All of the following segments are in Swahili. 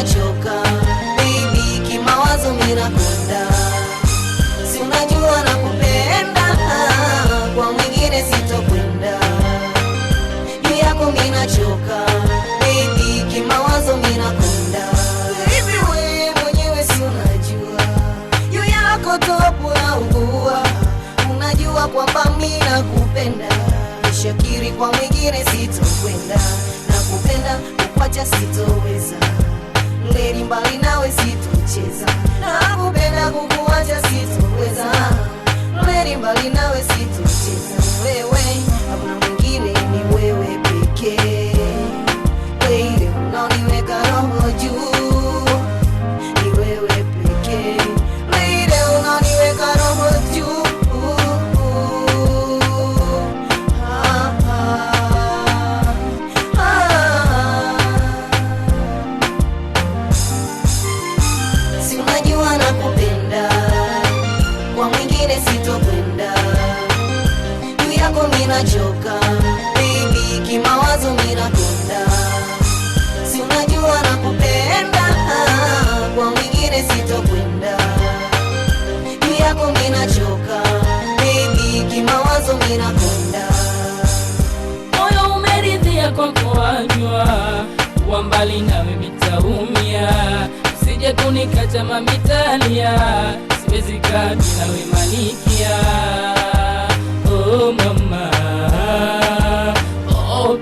nachoka baby, kimawazo mimi si unajua nakupenda, kwa mwingine sitokwenda, juu yako minachoka nachoka baby, kimawazo mimi hivi wewe mwenyewe si unajua, juu yako topua ugua, unajua kwamba mimi nakupenda, shakiri kwa mwingine sitokwenda, kupenda kukwacha sitoweza Leli mbali nawe sitocheza, nakupenda kukuacha sitoweza. Leli mbali nawe sitocheza nachoka baby, kimawazo minakunda, si unajua nakupenda, kwa mwingine sitokwenda, yako minachoka baby, kimawazo minakunda, moyo umeridhia kwa kuwajua, wa mbali nawe mitaumia, usije kunikata mamitalia, siwezi kaa bila wewe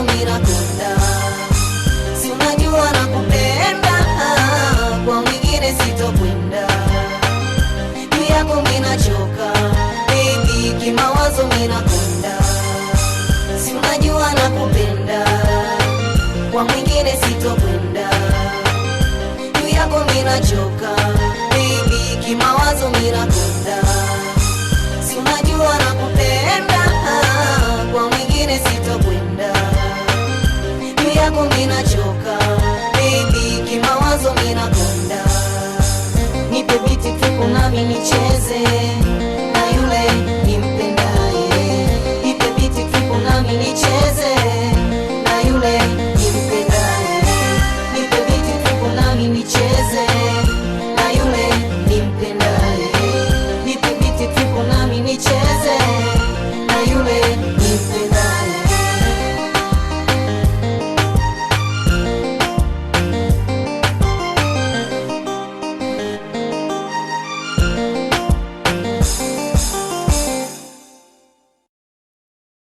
subira na kupenda, kwa wengine sitokwenda. Juu yako minachoka baby, kimawazo minakunda, si na kupenda, kwa wengine sitokwenda. Juu yako minachoka baby, kimawazo minakunda, si unajua na kupenda kwa mwingine sitokwenda yangu minachoka, baby kimawazo minakonda, nipe biti nami nicheze